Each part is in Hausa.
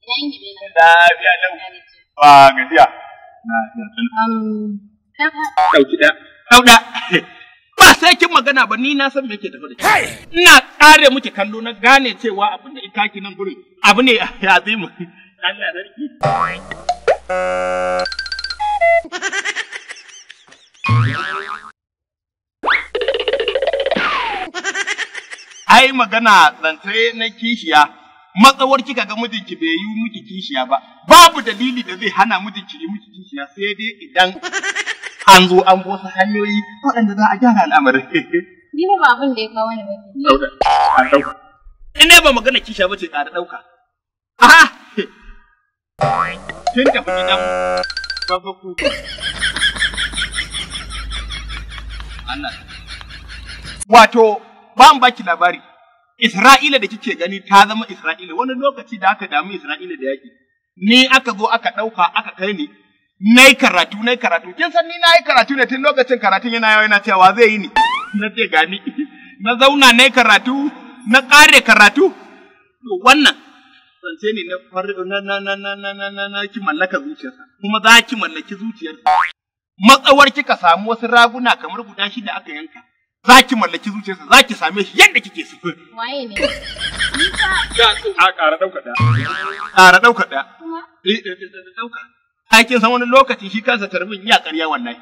Lafiya lau. Ba gajiya. Lafiya lau. Ba sai kin magana ba ni na san me yake tafi da shi. Ina ƙare miki kallo na gane cewa abin da ita nan gurin abu ne ya zimu. Allah Ai magana zance na kishiya matsawar kika ga mijinki bai yi miki kishiya ba babu dalili da zai hana mijinki yi miki kishiya sai dai idan an zo an bosa hanyoyi waɗanda za a gyara al'amarin. Ni ba abin da ya kawo ni ba. In ne ba magana kishiya ba ce tsada ɗauka. Aha! Tun da kuɗi Wato, ba baki labari. Isra'ila da kike gani ta zama Isra'ila wani lokaci da aka damu Isra'ila da yaƙi ni aka zo aka ɗauka aka kai ni na yi karatu na yi karatu kin san ni na yi karatu ne tun lokacin karatun yana yawa yana cewa zai yi ni na ce gani na zauna na yi karatu na ƙare karatu to wannan zance ne na na na na na na na na na ki mallaka zuciyarsa kuma za ki mallaki zuciyarsa matsawar kika samu wasu raguna kamar guda shida aka yanka za ki mallaki zuciyarsa za ki same shi yadda kike so. Waye ne? A ƙara ɗauka ɗaya. Ƙara ɗauka ɗaya. Eh, eh, eh, ɗauka. Aikin san wani lokaci shi kansa tarbin ya ƙarya wannan.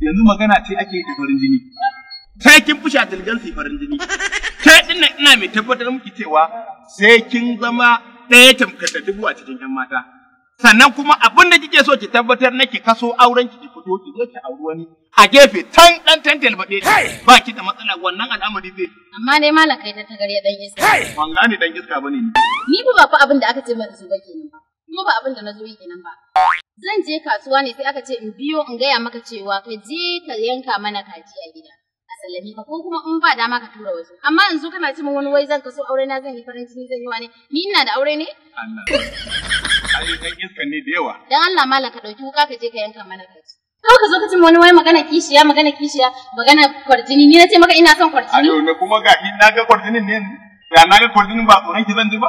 Yanzu magana ce ake ta farin jini. Sai kin fushi a tilgan sai farin jini. Sai ɗin ina mai tabbatar miki cewa sai kin zama ɗaya tamkar da dubu a cikin 'yan mata. sannan kuma abin da kike so ki tabbatar na ki kaso auren ki fito ki zo ki auri wani a gefe tan dan tan talbaɗe ba ki da matsala wannan al'amari zai amma ne malam kai ta ya dan iska ban gane dan iska bane ni ni ba fa abin da aka ce min zuwa kenan ba kuma ba abin da na zo yi kenan ba zan je kasuwa ne sai aka ce in biyo in gaya maka cewa ka je ka yanka mana kaji a gida a sallame ka ko kuma in ba dama ka tura wasu amma yanzu kana ce min wani wai zan kaso aure na zan yi farin ciki zan yi wani ni ina da aure ne Allah dan iska ne da yawa dan Allah mala ka dauki wuka ka je ka yanka mana kai Kawai ka zo ka ce wani wai magana kishiya magana kishiya magana kwarjini ni na ce maka ina son kwarjini. Ayo na kuma ga na ga kwarjinin ne ya na ga kwarjinin ba tsoron ki zan ji ba.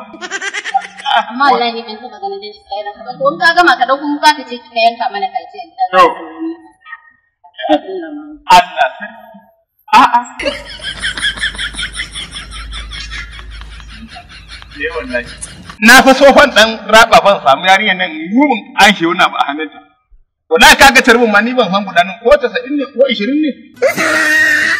amma wallahi ban taba ganin da shi kai ranka ba to in ka gama ka ɗauki wuka ka je ka yanka mana kalce to Allah a a ne wallahi na fi tsohon ɗan raɓa ban samu yarinyar nan rumin an shi wani abu a ta. Wala kaga tarbin ma ni ban san gudanin ko sa'in ne ko ishirin ne.